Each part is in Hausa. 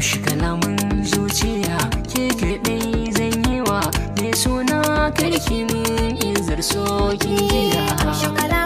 amshi kalamin zuciya ke kaɗai zan yi wa mai suna karki min izar soki gida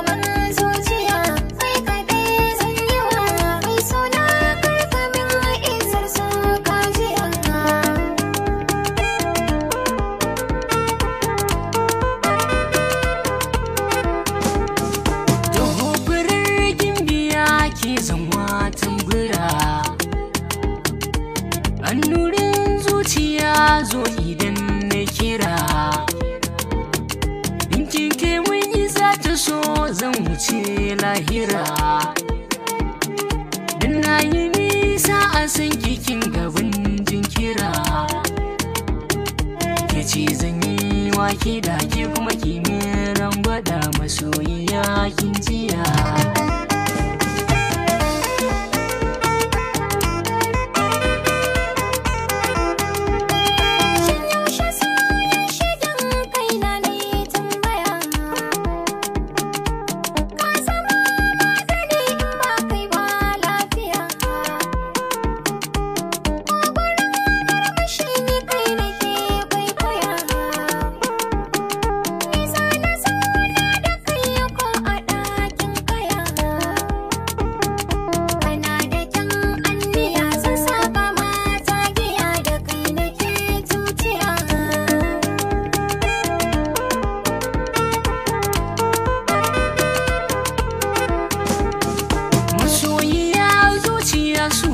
Annurin zuciya zo idan na kira In kinke mun isa ta so zan wuce lahira Dan na yi nisa a san kikin gaban jinkira Ke ce zan yi wake da ke kuma kimin gwada masoyiya kin jiya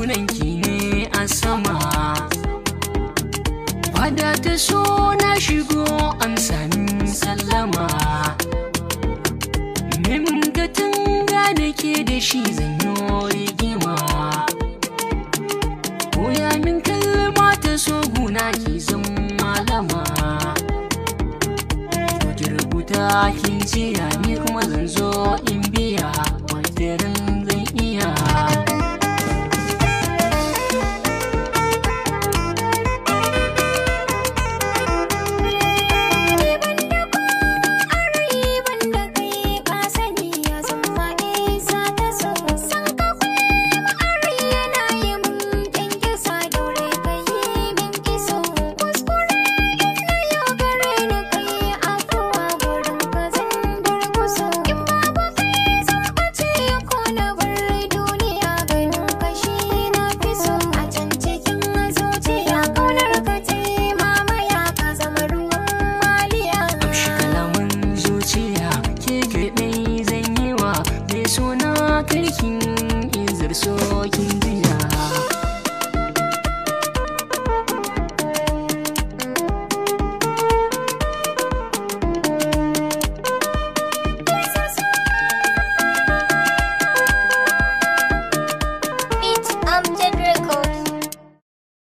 sunanki ne a sama fada ta so na shigo an sami sallama min gatan da ke da shi zanyo rigima koya min kalma ta so guna ki zan malama ki rubuta ki jira mulkin izar sokin jiya